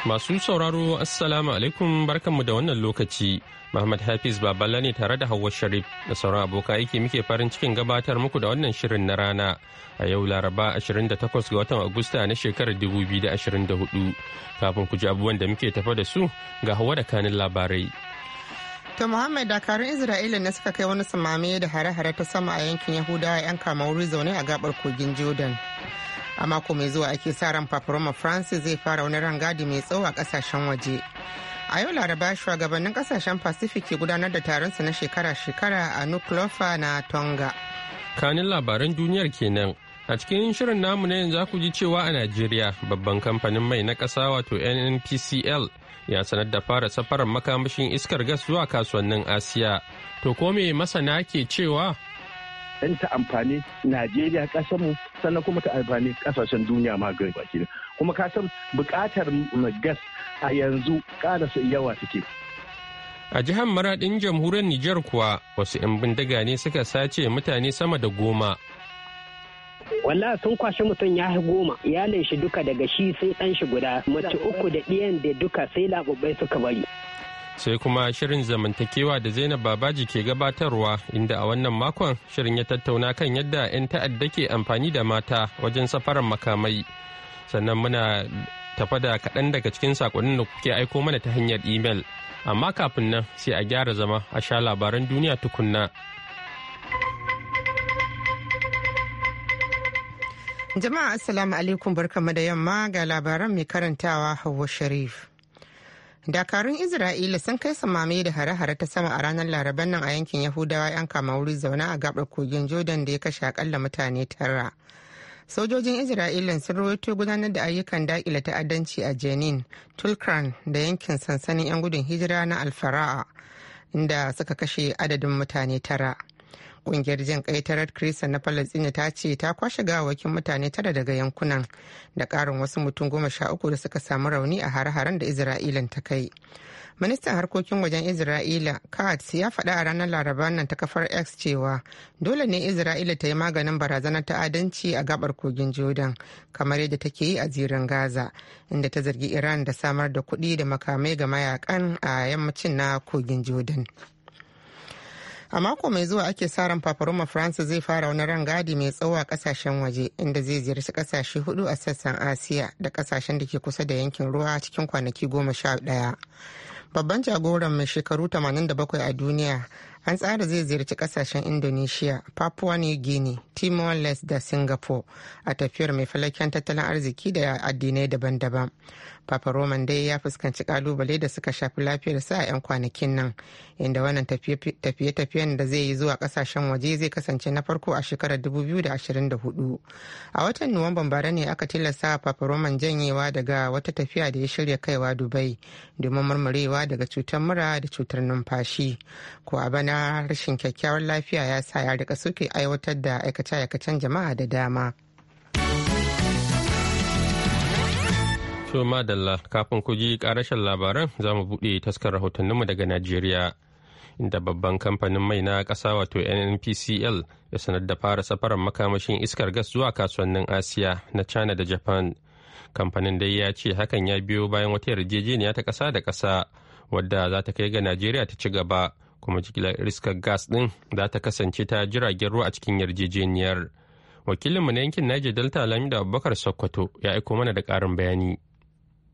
Masu sauraro Assalamu alaikum barkanmu da wannan lokaci. Muhammad Hafiz Baballa ne tare da Hauwa Sharif da sauran aboka aiki muke farin cikin gabatar muku da wannan shirin na rana a yau Laraba 28 ga watan Agusta na shekarar 2024. Kafin ku ji abubuwan da muke tafa da su ga Hauwa da kanin labarai. ta Muhammad dakarun Isra'ila ne suka kai wani samame da hare-hare ta sama a yankin Yahudawa 'yan kama wuri zaune a gabar kogin Jordan. a mako mai zuwa ake sa ran paparoma france zai fara wani rangadi mai tsawo a kasashen waje a yau laraba shugabannin kasashen pacific ke gudanar da taron su na shekara-shekara a nuklofa na tonga kanin labaran duniyar kenan a cikin shirin namu na yanzu ku ji cewa a najeriya babban kamfanin mai na ƙasa wato nnpcl ya sanar da fara safarar makamashin iskar gas zuwa kasuwannin asiya to ko me masana ke cewa don ta amfani najeriya mu sannan kuma ta amfani kasashen duniya ma gari baki kuma ka san bukatar gas a yanzu ƙara yawa take a jihar maradin jamhuriyar nijar kuwa wasu 'yan bindiga ne suka sace mutane sama da goma walla sun kwashe mutum ya goma iyalin shi duka daga shi sai dan shi guda mace uku da ɗiyan da duka sai labobai suka bari sai kuma shirin zamantakewa da zainab babaji ke gabatarwa inda a wannan makon shirin ya tattauna kan yadda 'yan ta'adda ke amfani da mata wajen safarar makamai sannan muna tafa da kaɗan daga cikin saƙonin da kuke aiko mana ta hanyar imel amma kafin nan sai a gyara zama a sha labaran duniya tukunna jama'a assalamu alaikum barkamu da yamma ga labaran mai karantawa hawa sharif dakarun isra'ila sun kai samame da hare-hare ta sama a ranar laraban nan a yankin yahudawa 'yan wuri zaune a gabar kogin jordan da ya kashe akalla mutane tara sojojin isra'ila sun rawaito gudanar da ayyukan dakila ta'addanci a jenin tulkran da yankin sansanin 'yan gudun hijira na alfara'a inda suka kashe adadin mutane tara Ƙungiyar jin kai ta Red Crescent na Falasɗina ta ce ta kwashe gawakin mutane tara daga yankunan da ƙarin wasu mutum goma sha uku da suka samu rauni a hare-haren da Isra'ilan ta kai. ministan harkokin wajen isra'ila katz ya faɗa a ranar laraba nan ta kafar x cewa dole ne isra'ila ta yi maganin barazanar ta'adanci a gabar kogin jordan kamar yadda take yi a zirin gaza inda ta zargi iran da samar da kuɗi da makamai ga mayakan a yammacin na kogin jordan a mako mai zuwa ake sa ran paparoma faransa zai fara wani rangadi mai tsawo a kasashen waje inda zai ziyarci kasashe hudu a sassan asiya da kasashen da ke kusa da yankin ruwa cikin kwanaki goma sha daya babban jagoran mai shekaru 87 a duniya an tsara zai ziyarci kasashen indonesia papua new guinea timor leste da singapore a tafiyar mai falaken tattalin arziki da addinai daban-daban Papa Roman dai ya fuskanci kalubale da suka shafi lafiyarsa a 'yan kwanakin nan, inda wannan tafiye-tafiyen da zai yi zuwa kasashen waje zai kasance na farko a shekarar 2024. A watan Nuwamban bara ne aka tilasta Papa Roman janyewa daga wata tafiya da ya shirya kaiwa Dubai domin murmurewa daga cutar mura da cutar numfashi. Ko a bana rashin kyakkyawar lafiya ya sa ya rika suke aiwatar da aikace-aikacen jama'a da dama. To madalla kafin ku ji karashen labaran za mu buɗe taskar rahotanninmu daga Najeriya. Inda babban kamfanin mai na ƙasa wato NNPCL ya sanar da fara safarar makamashin iskar gas zuwa kasuwannin Asiya na China da Japan. Kamfanin dai ya ce hakan ya biyo bayan wata yarjejeniya ta ƙasa da ƙasa wadda za ta kai ga Najeriya ta ci gaba kuma jigilar iskar gas ɗin za ta kasance ta jiragen ruwa a cikin yarjejeniyar. Wakilinmu na yankin Niger Delta Lamida Abubakar Sokoto ya aiko mana da ƙarin bayani.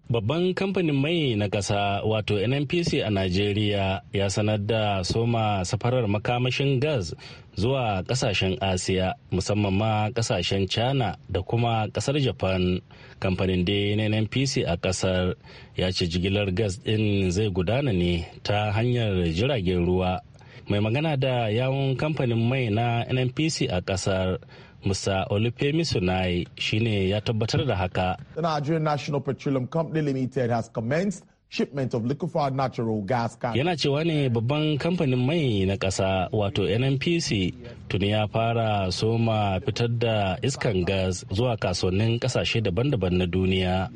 Babban kamfanin mai na ƙasa wato NNPC a Najeriya ya sanar da soma safarar makamashin gas zuwa ƙasashen Asiya musamman ma ƙasashen China da kuma ƙasar Japan. Kamfanin dai na NNPC a ƙasar ya ce jigilar gas ɗin zai gudana ne ta hanyar jiragen ruwa. Mai magana da yawun kamfanin mai na NNPC a ƙasar Musa Olufemi Sunai shine ya tabbatar da haka. The Nigerian National Petroleum Company Limited has commenced shipment of liquefied natural gas can. Yana cewa ne babban kamfanin mai na ƙasa wato NNPC tuni ya fara soma fitar da iskan gas zuwa kasuwannin ƙasashe daban-daban na duniya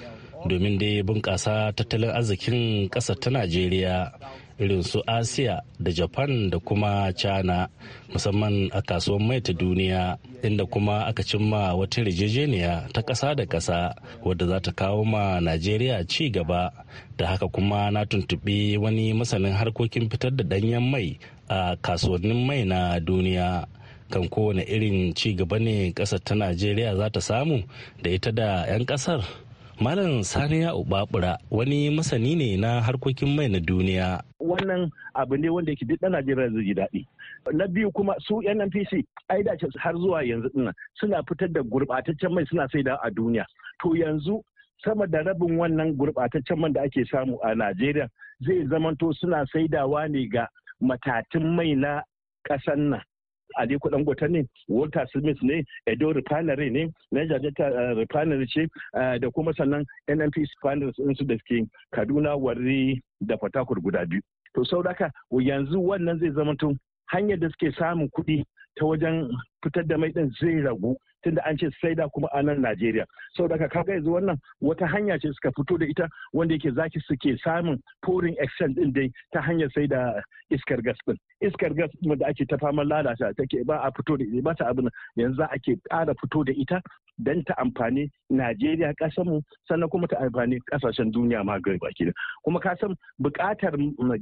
domin dai bunƙasa tattalin arzikin ƙasar ta Najeriya. irin su asiya da japan da kuma china musamman a kasuwan mai ta duniya inda kuma aka cimma wata yarjejeniya ta kasa da kasa wadda za ta kawo ma najeriya ci gaba da haka kuma na tuntuɓi wani masanin harkokin fitar da danyen mai a kasuwannin mai na duniya kan kowane irin ci gaba ne ƙasar ta najeriya za ta samu da ita da 'yan ƙasar Malam Saniya Ubabura wani masani ne na harkokin mai na duniya. Wannan abu ne wanda yake duk Najeriya zai ji daɗi. Na biyu kuma su NNPC ai da har zuwa yanzu dinnan suna fitar da gurɓataccen mai suna saida a duniya. To yanzu sama da rabin wannan gurɓataccen man da ake samu a Najeriya zai zamanto suna saidawa ne ga matatun mai na ƙasan nan. Aliko Dangote ne, Walter Smith ne, Edo Refinery ne, Niger Delta eh, Refinery ce eh, da kuma sannan NNP refineries ɗinsu da suke Kaduna, Warri da Fatakur guda biyu. To saudaka yanzu wannan zai zama tun hanyar da suke samun kuɗi ta wajen fitar da mai ɗin zai ragu tunda an ce saida kuma a nan Najeriya Sau daga kaga yanzu wannan wata hanya ce suka fito da ita wanda yake zaki suke samun foreign exchange din dai ta hanyar saida iskar gas din iskar gas din da ake ta faman lalata take ba a fito da ita ba ta abin yanzu za a ke ƙara fito da ita don ta amfani Najeriya mu sannan kuma ta amfani kasashen duniya ma gari baki da kuma ka san buƙatar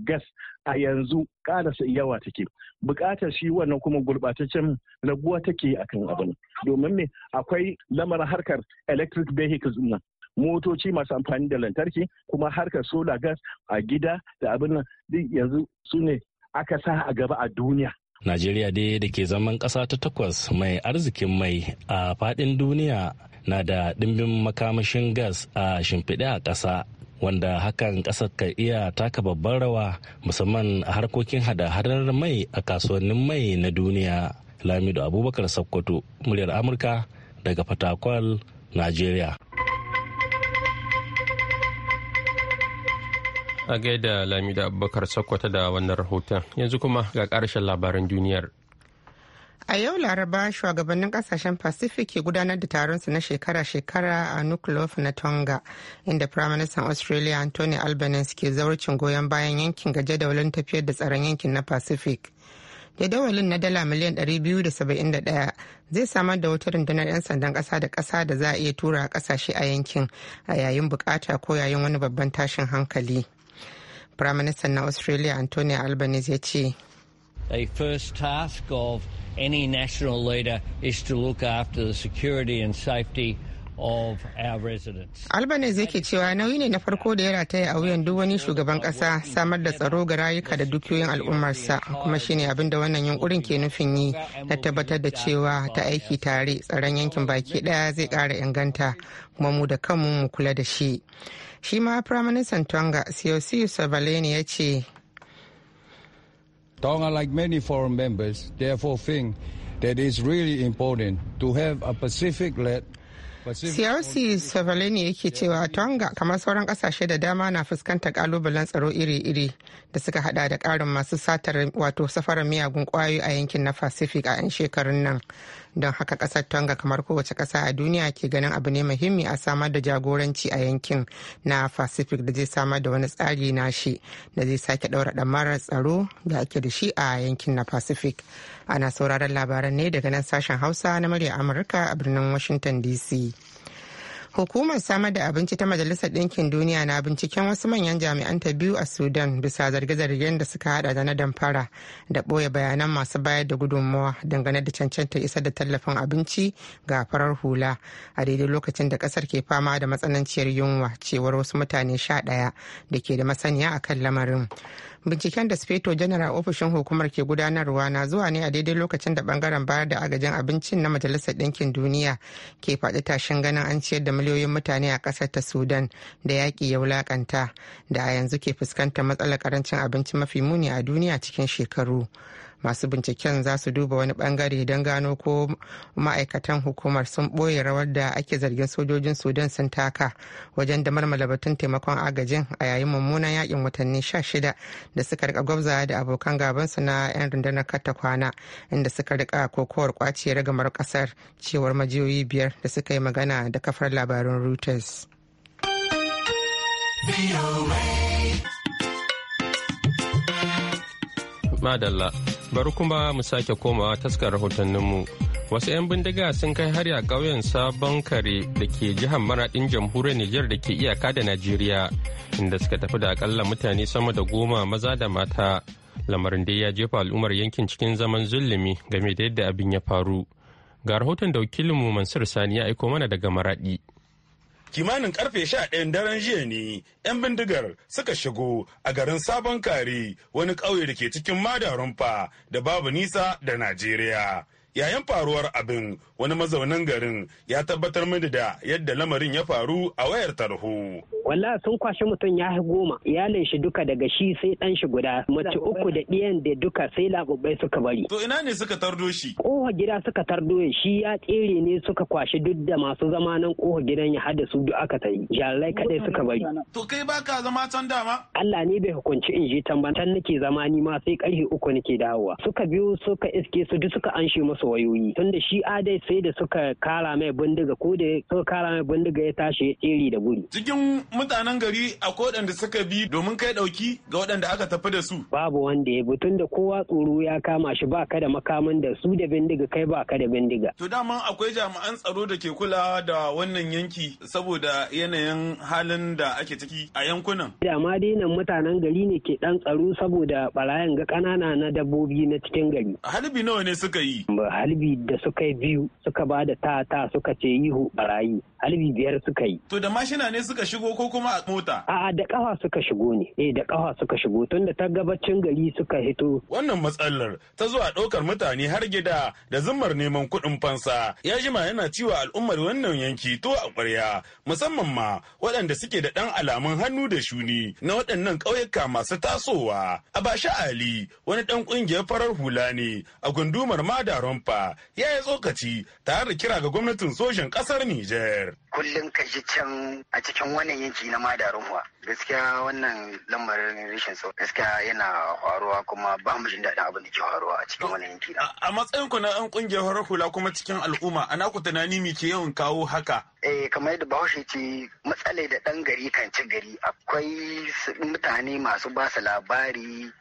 gas a yanzu ƙarasa yawa take buƙatar shi wannan kuma gurɓataccen raguwa take akan abin domin me akwai lamarin harkar electric vehicles na motoci masu amfani da lantarki kuma harkar solar gas a gida da abin nan yanzu su ne aka sa a gaba a duniya Najeriya dai da ke zaman ƙasa ta takwas mai arzikin mai a faɗin duniya na da ɗimbin makamashin gas a shimfiɗe a ƙasa wanda hakan ƙasar ka iya taka babban rawa musamman a harkokin hada-hadar mai a kasuwannin mai na duniya. Lamido Abubakar Sokoto, muryar Amurka daga Fatakwal, Najeriya. A gaida Lamida Abubakar Sokoto da wannan rahoton yanzu kuma ga karshen labaran duniyar. A yau Laraba shugabannin kasashen Pacific ke gudanar da taronsu na shekara-shekara a Nukulof na Tonga, inda prime Firaministan Australia Anthony Albanese ke zaurcin goyon bayan yankin ga jadawalin tafiyar da tsaron yankin na Pacific. Jadawalin na dala miliyan 271 zai samar da wutar rundunar 'yan sandan ƙasa da kasa da za a iya tura a ƙasashe a yankin a yayin bukata ko yayin wani babban tashin hankali. Prime Minister na Australia Anthony Albanese ya ce. The first task of any national leader is to look after the security and safety of our residents. Albanese yake cewa nauyi ne na farko da ya rataya a wuyan duk wani shugaban kasa samar da tsaro ga rayuka da dukiyoyin al'ummarsa kuma shine abin da wannan yunkurin ke nufin yi na tabbatar da cewa ta aiki tare tsaron yankin baki daya zai kara inganta kuma mu da kanmu mu kula da shi. Shi ma minister Tonga Siyosi Sabaleni ya ce Tonga like many foreign members therefore think that is really important to have a Pacific-led siyarsi savalini yake cewa tonga kamar sauran kasashe da dama na fuskantar kalubalen tsaro iri-iri da suka hada da karin masu satar wato safarar miyagun kwayoyi a yankin na pacific a 'yan shekarun nan don haka kasar tonga kamar kowace kasa a duniya ke ganin abu ne muhimmi a samar da jagoranci a yankin na pacific da zai samar da wani tsari na shi da zai sake daura mara tsaro da ake da shi a yankin na pacific ana sauraron labaran ne daga nan sashen hausa na murya amurka a birnin washington dc hukumar samar da abinci ta majalisar ɗinkin duniya na binciken wasu manyan jami'anta biyu a sudan bisa zarge-zargen da suka hada da na damfara da ɓoye bayanan masu bayar da gudunmawa dangane da cancanta isar da tallafin abinci ga farar hula a daidai lokacin da ƙasar ke fama da matsananciyar yunwa cewar wasu mutane sha ɗaya da ke da masaniya akan lamarin binciken da speto general ofishin hukumar ke gudanarwa na zuwa ne a daidai lokacin da bangaren bayar da agajin abincin na majalisar ɗinkin duniya ke faɗi tashin ganin an ciyar da miliyoyin mutane a ƙasar ta sudan da yaƙi ya wulaƙanta da a yanzu ke fuskantar matsalar ƙarancin abinci mafi muni a duniya cikin shekaru masu binciken za su duba wani bangare don gano ko ma'aikatan hukumar sun ɓoye rawar da ake zargin sojojin sudan sun taka wajen da marmala batun taimakon agajin a yayin mummunan yakin watanni sha shida da suka rika gwabza da abokan gabansu na 'yan rundunar kata kwana inda suka rika kokowar kwace ragamar kasar cewar majiyoyi biyar da suka yi magana da kafar labarun reuters madalla bari kuma mu sake komawa taskar rahotanninmu wasu 'yan bindiga sun kai hari a ƙauyen sabon kare da ke jihar maraɗin jamhuriyar nijar da ke iyaka da najeriya inda suka tafi da akalla mutane sama da goma maza da mata lamarin da ya jefa al'ummar yankin cikin zaman zulumi game da yadda abin ya faru ga rahoton da wakilinmu mansur sani ya aiko mana daga maraɗi kimanin karfe ɗayan daren jiya ne 'yan bindigar suka shigo a garin sabon kare wani ƙauye da ke cikin madarumfa da babu nisa da najeriya yayin faruwar abin wani mazaunin garin ya tabbatar mini da yadda lamarin ya faru a wayar tarho. Wallah sun kwashe mutum ya goma iyalin shi duka daga shi sai dan shi guda mace uku da ɗiyan da duka sai labubai suka bari. To ina ne suka tardo shi? Ƙofa gida suka tardo shi ya tsere ne suka kwashe duk da masu zama nan ƙofa gidan ya hada su duk aka yi jarirai kadai suka bari. To kai baka zama can dama? Allah ne bai hukunci in je can nake zama ni ma sai ƙarfe uku nake dawowa. Suka biyu suka iske su duk suka anshe musu wayoyi tunda shi adai sai da suka kara mai bindiga ko da suka kara mai bindiga ya tashi ya tsere da guri cikin mutanen gari akwai waɗanda suka bi domin kai ɗauki ga waɗanda aka tafi da su babu wanda ya bi da kowa tsoro ya kama shi ba ka da makamin da su da bindiga kai ba ka da bindiga to dama akwai jami'an tsaro da ke kula da wannan yanki saboda yanayin halin da ake ciki a yankunan dama dai nan mutanen gari ne ke dan tsaro saboda barayan ga kanana na dabbobi na cikin gari halibi nawa ne suka yi halbi da suka yi biyu suka ba da ta ta suka ce ihu barayi halbi biyar suka yi. To da mashina ne suka shigo ko kuma a mota? A'a da kafa suka shigo ne. Eh da kafa suka shigo tun da ta gabacin gari suka hito. Wannan matsalar ta zo a ɗaukar mutane har gida da zimmar neman kuɗin fansa. Ya jima yana ciwa al'ummar wannan yanki to a ƙwarya musamman ma waɗanda suke da ɗan alamun hannu da shuni na waɗannan ƙauyuka masu tasowa. a Abasha Ali wani ɗan ƙungiyar farar hula ne a gundumar Madaron Rumfa ya yi tsokaci tare da kira ga gwamnatin sojan kasar Nijar. Kullum ka ji can a cikin wannan yanki na Madarunwa. Gaskiya wannan lamarin rashin tsaro gaskiya yana faruwa kuma ba mu jin daɗin abin da ke faruwa a cikin wannan yanki. na. A matsayin ku na 'yan ƙungiyar horar hula kuma cikin al'umma ana ku tunani mi ke yawan kawo haka eh kamar yadda bahaushe ce matsalai da ɗan gari kan ci gari akwai mutane masu ba su labari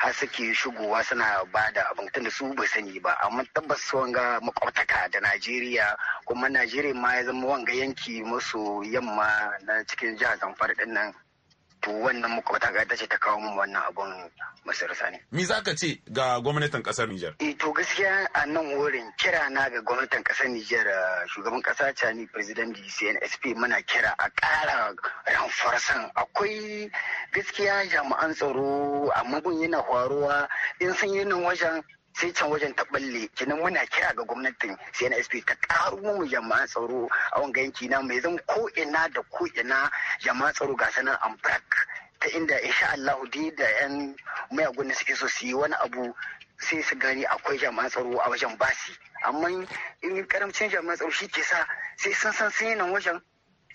har suke shigowa suna ba da abin da su bai sani ba amma tabbas su wanga makwabtaka da najeriya kuma najeriya ma ya zama wanga yanki masu yamma na cikin jihar zamfara din to wannan makwabta ga ce ta kawo min wannan abun masarsa ne. Me za ka ce ga gwamnatin kasar Nijar? Eh to gaskiya a nan wurin kira na ga gwamnatin kasar Nijar eh, shugaban kasa Chani president CNSP muna kira a ƙara ranfarsan akwai gaskiya jami'an tsaro amma gun yana faruwa in sun yi nan wajen sai can wajen ta balle kenan muna kira ga gwamnatin CNSP ta karo mu jama'an tsaro a wanga yanki na mai zan ko ina da ko ina jama'an tsaro ga sanan amfrak ta inda insha Allah da yan mayagun suke so su yi wani abu sai su gani akwai jami'an tsaro a wajen basi amma in karamcin jami'an tsaro shi ke sa sai san san sai nan wajen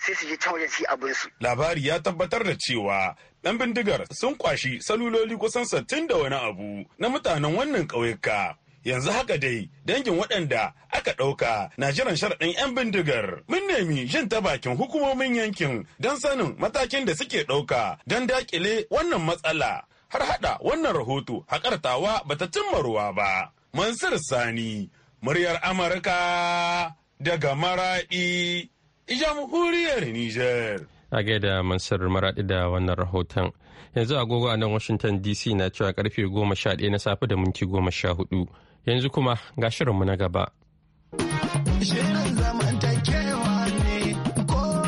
sai su je can wajen su abin su. Labari ya tabbatar da cewa ɗan bindigar sun kwashi saluloli kusan sattin da wani abu na mutanen wannan ƙauyuka. yanzu haka dai dangin waɗanda aka ɗauka na jiran sharaɗin 'yan bindigar mun nemi jin ta bakin hukumomin yankin don sanin matakin da suke ɗauka don daƙile wannan matsala har haɗa wannan rahoto haƙartawa ba ta cimma ba mansur sani muryar amurka daga maraɗi Jamhuriyar Nijar. A gaida Mansur Maraɗi da wannan rahoton. Yanzu agogo a nan Washington DC na cewa karfe goma sha ɗaya na safe da minti goma sha hudu. Yanzu kuma ga shirinmu na gaba. Shirin zamantakewa ne, kowa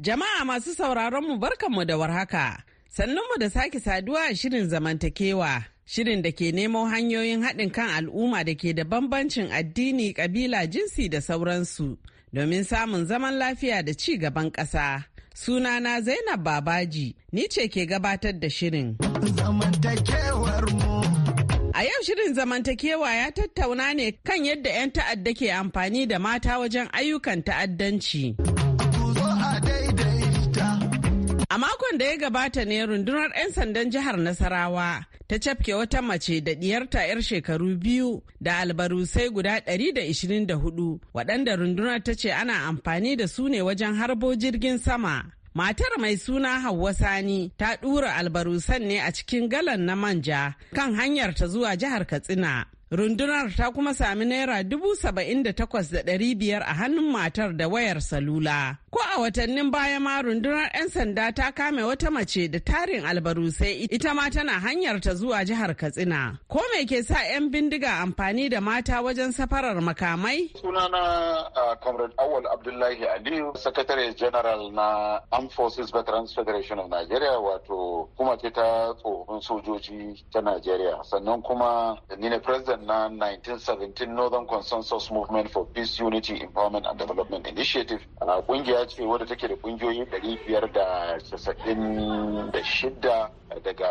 Jama'a masu sauraron mu barkanmu da warhaka, sannunmu da sake saduwa a shirin zamantakewa. shirin da ke nemo hanyoyin haɗin kan al'umma da ke da bambancin addini ƙabila jinsi da sauransu domin samun zaman lafiya da ci gaban ƙasa sunana zainab babaji ni ce ke gabatar da shirin a yau shirin zamantakewa ya tattauna ne kan yadda 'yan ta'adda ke amfani da mata wajen ayyukan ta'addanci A makon da ya gabata ne rundunar 'yan sandan jihar Nasarawa ta cafke wata mace da diyarta 'yar shekaru biyu da albarusai guda 124 waɗanda rundunar ta ce ana amfani da su ne wajen harbo jirgin sama. Matar mai suna Hauwa Sani ta ɗura albarusan ne a cikin galan na manja kan hanyar ta zuwa jihar Katsina. Rundunar ta kuma sami naira dubu saba'in da takwas da ɗari biyar a hannun matar da wayar salula. Ko a watannin baya ma rundunar 'yan sanda ta kame wata mace da tarin albarusai ita ma tana hanyar ta zuwa jihar Katsina. Ko me ke sa 'yan bindiga amfani da mata wajen safarar makamai? Sunana uh, Comrade Awal Abdullahi Aliyu, Secretary General na Armed Forces Veterans Federation of Nigeria wato kuma ce ta tsohon sojoji ta Nigeria. Sannan kuma ni ne President na 1917 Northern Consensus Movement for Peace, Unity, Empowerment and Development Initiative. Uh, ya ce wadda take da kungiyoyi shida daga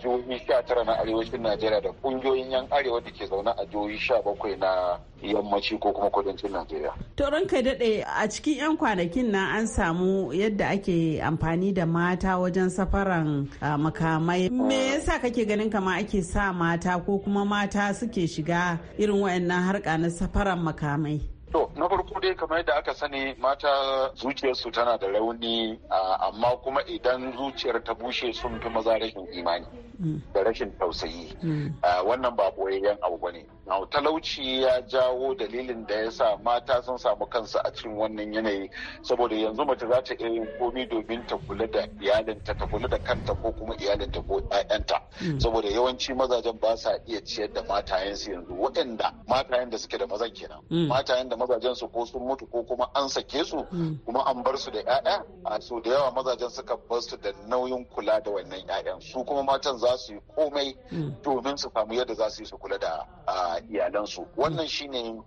jihohi 19 na arewacin najeriya da kungiyoyin yan arewa da ke zaune a jihohi 17 na yammaci ko kuma kudancin najeriya to kai daɗe a cikin 'yan kwanakin nan an samu yadda ake amfani da mata wajen safaran makamai me yasa kake ganin kama ake sa mata ko kuma mata suke shiga irin waɗannan harka na safaran makamai To, na farko dai kamar yadda aka sani mata zuciyarsu tana da rauni amma kuma idan zuciyar ta bushe sun fi maza rashin imani da rashin tausayi. Wannan ba boyayyen abu ba ne. talauci ya jawo dalilin da ya sa mata sun samu kansu a cikin wannan yanayi saboda yanzu mace za ta iya yin komi domin ta kula da iyalinta ta kula da kanta ko kuma iyalinta ko 'ya'yanta. Mm. saboda yawanci mazajen ba sa iya ciyar da matayensu yanzu waɗanda matayen da suke da mazan kenan mm. matayen da mazajen su ko sun mutu ko kuma an sake su mm. kuma an bar su da 'ya'ya a so da yawa mazajen suka bar su da nauyin kula da wannan 'ya'yan su kuma matan za su yi komai domin su samu yadda za su yi su kula da iyalansu wannan shine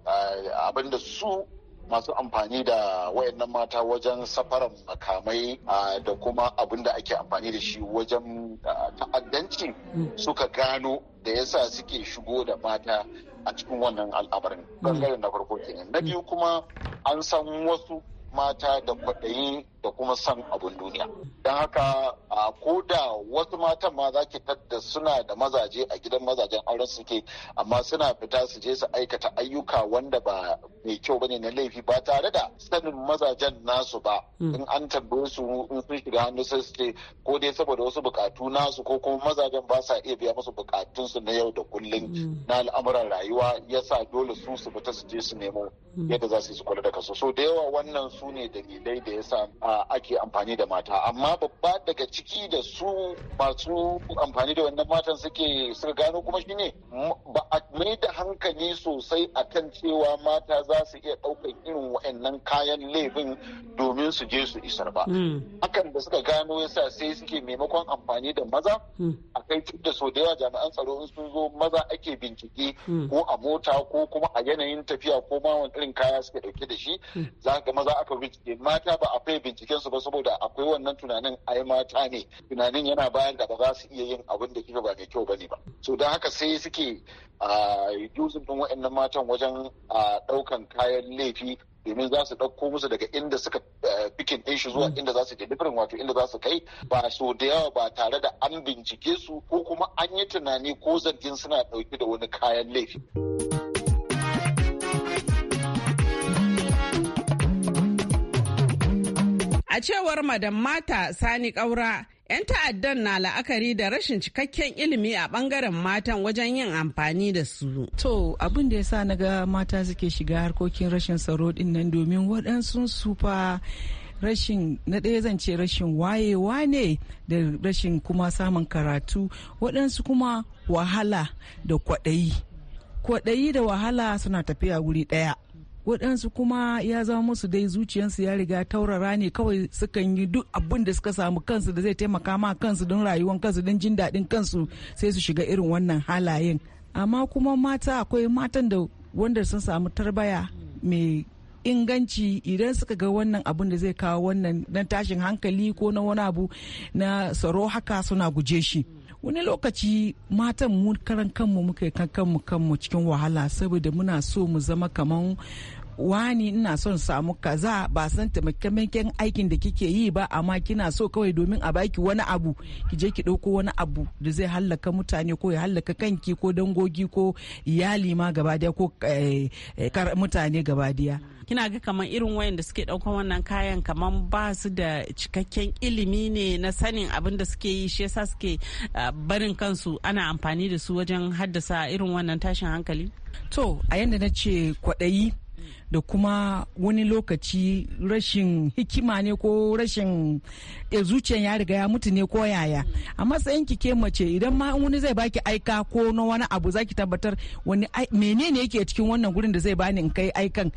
abin da su masu amfani da wayannan mata wajen safaran makamai da kuma abin da ake amfani da shi wajen ta'addanci hmm. suka gano da yasa suke shigo da mata a cikin wannan al'amarin hmm. bangaren na farko kenan na hmm. biyu kuma an san wasu mata da kwaɗayin da kuma san abun duniya don haka a da wasu matan ma za ki tadda suna da mazaje a gidan mazajen auren suke amma suna fita su je su aikata ayyuka wanda ba mai kyau bane na laifi ba tare da sanin mazajen nasu ba hmm. in an tambaye su in sun shiga hannu sai su ce ko dai saboda wasu bukatu nasu ko kuma mazajen ba sa iya biya musu su na yau da kullum hmm. na al'amuran rayuwa yasa dole su su fita su je su nemo hmm. yadda za su yi su kula da kaso so da yawa wannan su ne dalilai da yasa a ake amfani da mata amma babba daga ciki da su masu amfani da wannan matan suke suka gano kuma shi ne ba a mai da hankali sosai a kan cewa mata za su iya ɗaukar irin wa'annan kayan laifin domin su je su isar ba hmm. hakan da suka gano yasa sai suke maimakon amfani da maza hmm. a kai da so da yawa jami'an tsaro in sun zo maza ake bincike hmm. ko a mota ko kuma a yanayin tafiya ko ma wani irin kaya suke dauke da shi za ga maza aka bincike mata ba a fai binciken su ba saboda akwai wannan tunanin ai mata ne tunanin yana bayan da ba za su iya yin abin da kika ba mai kyau bane ba so don haka sai suke a yuzin din waɗannan matan wajen ɗaukan kayan laifi domin za su ɗauko musu daga inda suka bikin ɗin shi zuwa mm. inda za su deliverin wato inda za su kai ba so da yawa ba tare da an bincike su ko kuma an yi tunani ko zargin suna ɗauke da wani kayan laifi. A cewar Madam Mata Sani Kaura, 'yan ta'addan na la'akari da rashin cikakken ilimi a bangaren matan wajen yin amfani da su. To abin da ya sa naga mata suke shiga harkokin rashin tsaro din nan domin waɗansu su fa rashin na ɗaya zan ce rashin wayewa ne da rashin kuma samun karatu waɗansu kuma wahala da kwaɗayi. Kwaɗayi da wahala suna tafiya wuri ɗaya. waɗansu kuma ya zama musu dai zuciyarsu ya riga taurara ne kawai sukan yi duk abin da suka samu kansu da zai taimaka ma kansu don rayuwar kansu don jin daɗin kansu sai su shiga irin wannan halayen amma kuma mata akwai matan da wanda sun samu tarbaya mai inganci idan suka ga wannan abin da zai kawo wannan na tashin hankali ko na wani abu na tsaro haka suna guje shi. wani lokaci matan mu karan kanmu muka kan kanmu kanmu cikin wahala saboda muna so mu zama kaman wani ina son samu kaza ba san taimakamakin aikin da kike yi ba amma kina so kawai domin a baki wani abu ki je ki ɗauko wani abu da zai hallaka mutane ko ya hallaka kanki ko dangogi ko iyali ma daya ko eh, eh, mutane daya kina ga kamar irin wayanda suke ɗauko wannan kayan kamar ba su da cikakken ilimi ne na sanin abin da suke yi shi yasa suke eh, barin kansu ana amfani da su wajen haddasa irin wannan tashin hankali to a yanda na ce kwaɗayi da kuma wani lokaci rashin hikima ne ko rashin eh, zuciyar ya riga ya mutu ne ko yaya a matsayin ki ke mace idan ma wani zai baki aika ko na wani abu zaki tabbatar wani menene yake cikin wannan gurin da zai bani in kai aikan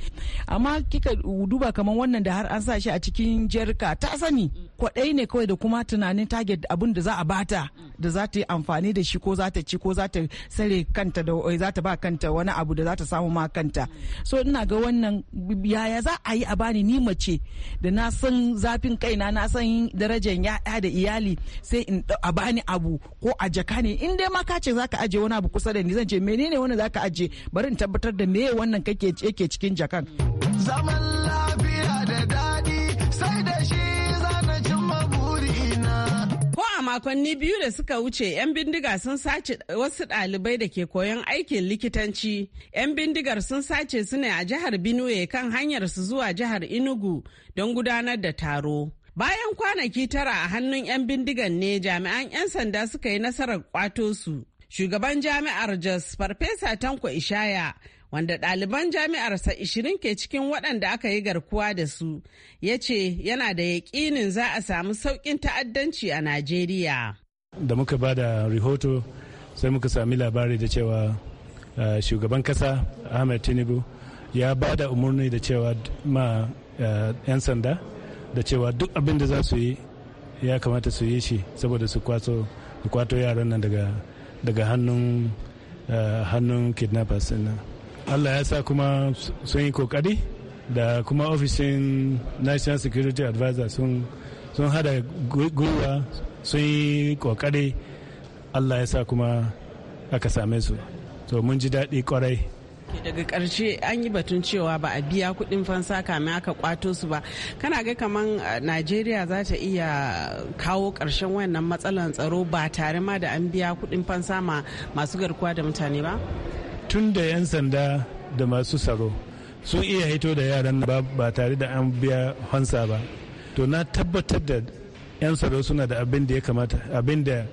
amma kika duba kamar wannan da har an sa shi a cikin jerka ta sani kwadai ne kawai da kuma tunanin target abin da za a bata da za ta yi amfani da shi ko za ta ci ko za ta sare kanta da eh, za ta ba kanta wani abu da za ta samu ma kanta so ina ga wannan wannan yaya za a yi a bani ni mace da na san zafin kaina na san darajan ya'ya da iyali sai in a bani abu ko a jaka ne in dai ma kace zaka aje wani abu kusa da ni zan ce menene wani zaka aje bari in tabbatar da me wannan kake yake cikin jakan zaman lafiya da daɗi makonni biyu da suka wuce 'yan bindiga sun sace wasu ɗalibai da ke koyon aikin likitanci 'yan bindigar sun sace su ne a jihar benue kan hanyar su zuwa jihar inugu don gudanar da taro bayan kwanaki tara a hannun 'yan bindigan ne jami'an 'yan sanda suka yi nasarar kwato su shugaban jami'ar jos farfesa tanko ishaya wanda ɗaliban jami'arsa 20 ke cikin waɗanda aka yi garkuwa da su ya ce yana da yaƙinin za a samu sauƙin ta'addanci a najeriya da muka ba da rahoto sai muka sami labari da cewa uh, shugaban kasa ahmed tinubu ya ba da umarni da cewa ma eh, 'yan sanda da cewa duk abin da za su yi ya kamata su yi shi saboda su kwato yaran nan daga hannun eh, hannun kidnappers nan allah ya sa kuma sun yi kokari da kuma ofishin national security advisor sun hada gwiwa sun yi kokari allah ya sa kuma aka same su to mun ji daɗi kwarai daga ƙarshe an yi batun cewa ba a biya kuɗin fansa kamin aka kwato su ba kana ga kaman eh, najeriya za ta iya kawo ƙarshen wannan matsalan tsaro ba tare ma da an biya kuɗin fansa masu garkuwa da mutane ba tun da 'yan sanda da masu tsaro sun iya haito da yaran ba tare da an biya hansa ba to na tabbatar da 'yan tsaro suna da abin da ya kamata abin da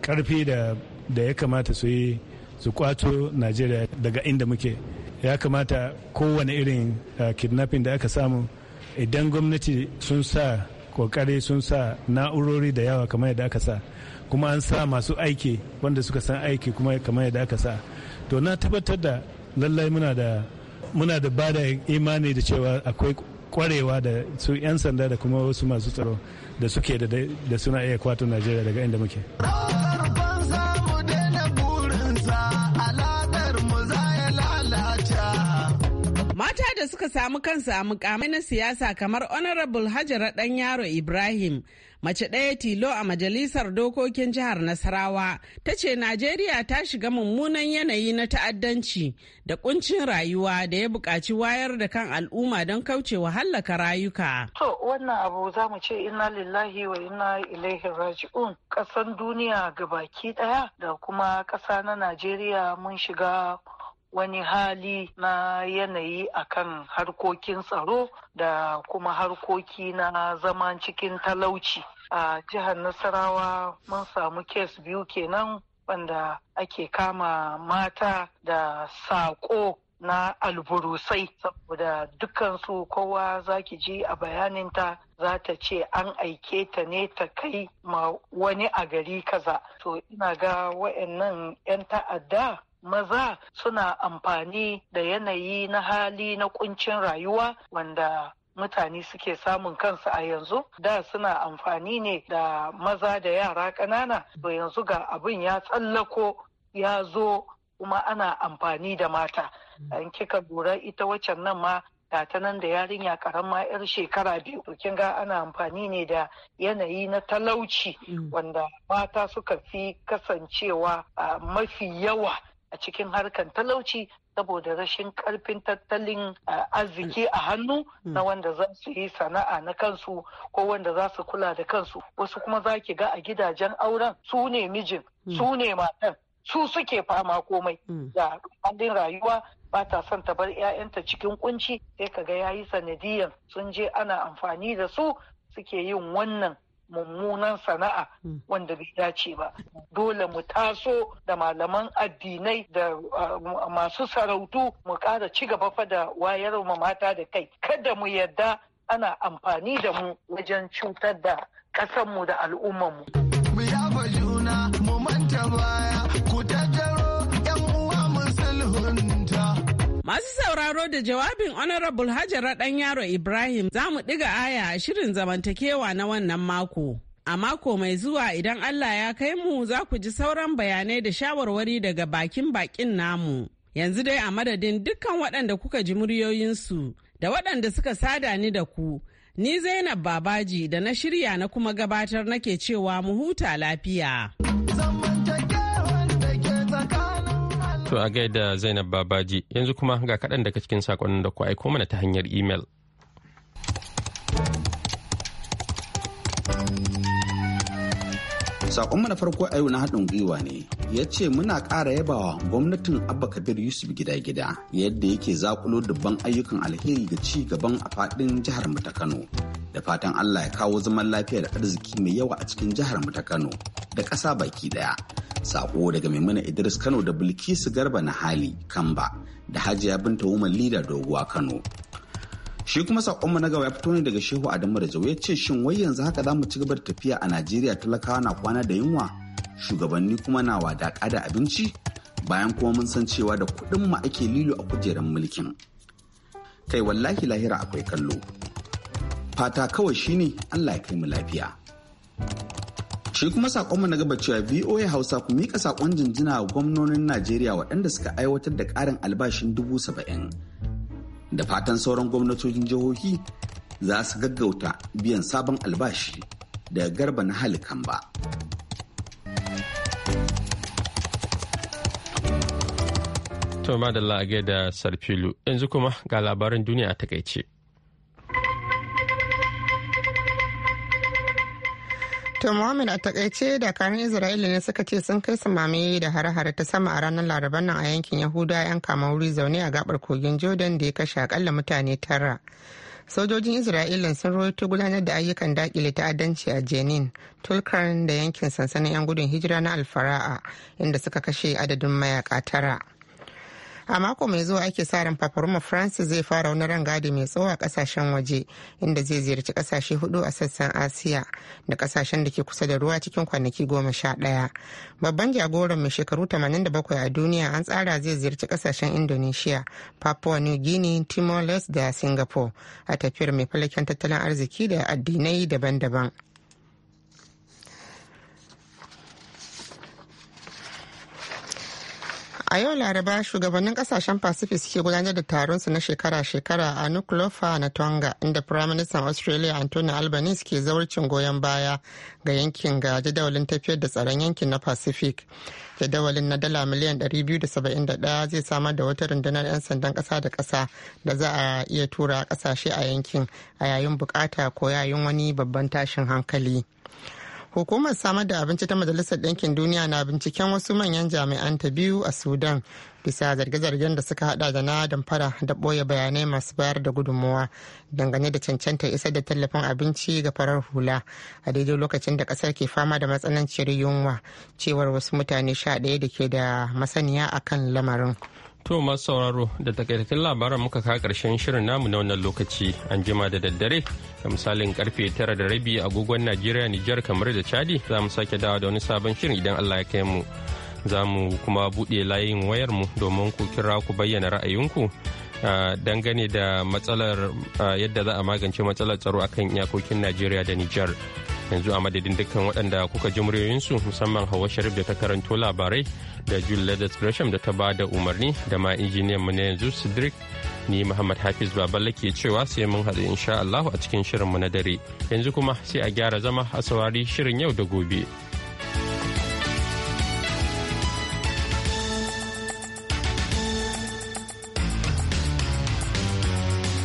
karfi da ya kamata su yi su kwato najeriya daga inda muke ya kamata kowane irin eh, kidnapping da aka samu idan gwamnati sun sa kokari sun sa na'urori da yawa kamar yadda aka sa kuma an sa masu aiki wanda suka san aiki kuma kamar yadda aka sa to na tabbatar da lallai muna da muna da ba da imani da cewa akwai kwarewa da su 'yan sanda da kuma wasu masu tsaro da suke da suna iya kwato najeriya daga inda muke. Mata da suka samu kansu a mukamai na siyasa kamar Honorable Hajara Dan yaro Ibrahim, mace ɗaya tilo a majalisar dokokin jihar Nasarawa, ta ce Najeriya ta shiga mummunan yanayi na ta'addanci da kuncin rayuwa da ya buƙaci wayar da kan al'umma don kauce wa hallaka rayuka. To wannan abu za mu ce ina lillahi wa ina ilaihi raji'un ƙasan duniya ga baki ɗaya da kuma ƙasa na Najeriya mun shiga wani hali na yanayi akan harkokin tsaro da kuma harkoki na zaman cikin talauci a jihar nasarawa mun samu kes biyu kenan wanda ake kama mata da saƙo na alburusai saboda dukansu kowa zaki ji a bayaninta za ta ce an aike ta ne ta kai ma wani a gari kaza to ina ga wa'annan 'yan ta'adda maza suna amfani da yanayi na hali na kuncin rayuwa wanda mutane suke samun kansu a yanzu da suna amfani ne da maza da yara ƙanana to yanzu ga abin ya tsallako ya zo kuma ana amfani da mata an mm. kika lura ita waccan nan ma ta nan da yarinya karama yar shekara biyu to kin ga ana amfani ne da yanayi na talauci mm. wanda mata suka fi kasancewa a mafi yawa a cikin harkan talauci saboda rashin karfin tattalin arziki a hannu na hmm. wanda za su yi sana'a na kansu ko wanda za su kula da kansu wasu kuma za ki ga a gidajen auren su ne mijin hmm. su ne matan su suke fama komai da hmm. halin rayuwa ba ta son ta bar 'ya'yanta cikin kunci sai ka ga yayi sanadiyan sun je ana amfani da su suke yin wannan mummunan sana'a hmm. wanda bai dace ba dole mu taso da malaman addinai da ah, masu sarautu mu ƙara ci gaba fa da wayar ma mata da kai kada mu yarda ana amfani da mu wajen cutar da ƙasarmu da al'ummarmu. Mu yafa juna mu manta baya. Masu sauraro da jawabin Honorable Hajara ɗan yaro Ibrahim za mu ɗiga aya a shirin zamantakewa na wannan mako. A mako mai zuwa idan Allah ya kai mu za ku ji sauran bayanai da shawarwari daga bakin bakin namu. Yanzu dai a madadin dukkan waɗanda kuka ji muryoyinsu da waɗanda suka sada ni da ku, ni Zainab Babaji da na shirya na kuma gabatar nake cewa mu huta lafiya. To a gaida Zainab Babaji yanzu kuma ga kaɗan daga cikin sakonnin da ku aiko mana ta hanyar imel. saƙonmu na farko a yau na haɗin gwiwa ne ya ce muna ƙara yabawa gwamnatin Abba Kabir Yusuf gida-gida yadda yake zaƙulo dubban ayyukan alheri da ci gaban a faɗin jihar mu ta Kano. Da fatan Allah ya kawo zaman lafiya da arziki mai yawa a cikin jihar mu ta Kano da ƙasa baki ɗaya. Sako daga Maimuna Idris Kano da Bilkisu Garba na Hali Kamba da Hajiya Binta Umar Lida Doguwa Kano. shi kuma sakonmu na gaba ya fito ne daga shehu adamu da ya ce shin wai yanzu haka za mu ci gaba da tafiya a najeriya talakawa na kwana da yunwa shugabanni kuma na wadaƙa da abinci bayan kuma mun san cewa da kuɗin mu ake lilo a kujerar mulkin kai wallahi lahira akwai kallo fata kawai shine allah ya kai mu lafiya Shi kuma sakonmu na gaba cewa VOA Hausa ku mika sakon jinjina wa gwamnonin Najeriya waɗanda suka aiwatar da ƙarin albashin dubu saba'in. Da fatan sauran gwamnatocin jihohi za su gaggauta biyan sabon albashi da garba na halikan ba. To madalla a gaida Sarfilu, yanzu kuma ga labarin duniya a takaice. To Muhammad a takaice dakarun Isra'ila ne suka ce sun kai samame da hare-hare ta sama a ranar Laraban nan a yankin Yahuda 'yan kama wuri zaune a gabar kogin Jordan da ya kashe akalla mutane tara. Sojojin Isra'ila sun rawaito gudanar da ayyukan dakile ta'addanci a Jenin, Tulkarin da yankin sansanin 'yan gudun hijira na Alfara'a inda suka kashe adadin mayaka tara. a mako mai zuwa ake sa ran fafaruma francis zai fara wani rangadi mai tsawo a kasashen waje inda zai ziyarci kasashe hudu a sassan asiya da kasashen da ke kusa da ruwa cikin kwanaki goma sha daya babban jagoran mai shekaru 87 a duniya an tsara zai ziyarci kasashen indonesia papua new guinea timor leste da singapore a tafiyar mai falaken tattalin arziki da addinai daban-daban a yau laraba shugabannin kasashen pacific suke gudanar da taronsu na shekara-shekara a nuklofa na tonga inda firaministan australia anthony albanese ke zaurcin goyon baya ga yankin ga jadawalin tafiyar da tsaron yankin na pacific jadawalin na dala miliyan 271 zai samar da wata rundunar 'yan sandan kasa da kasa da za a iya tura kasashe a yankin a yayin bukata ko yayin wani babban tashin hankali. hukumar samar da abinci ta majalisar ɗinkin duniya na binciken wasu manyan jami'an ta biyu a sudan bisa zarge-zargen da suka hada da na damfara da ɓoye bayanai masu bayar da gudunmowa dangane da cancanta isa da tallafin abinci ga farar hula a daidai lokacin da ƙasar ke fama da matsananciyar yunwa cewar wasu mutane sha ɗaya da ke da masaniya akan lamarin. To masu sauraro da takaitattun labaran muka kawo karshen shirin namu na wannan lokaci an jima da daddare da misalin karfe tara da rabi agogon Najeriya Nijar kamar da Chadi za mu sake dawa da wani sabon shirin idan Allah ya kai mu. Za mu kuma buɗe layin wayar mu domin ku kira ku bayyana ra'ayinku dangane da matsalar yadda za a magance matsalar tsaro akan iyakokin Najeriya da Nijar. yanzu a madadin dukkan waɗanda kuka ji muryoyinsu musamman hawa sharif da ta karanto labarai da julia da gresham da ta ba da umarni da ma injiniyan mu na yanzu sidrik ni muhammad hafiz baballe ke cewa sai mun haɗu insha allahu a cikin shirin mu na dare yanzu kuma sai a gyara zama a saurari shirin yau da gobe.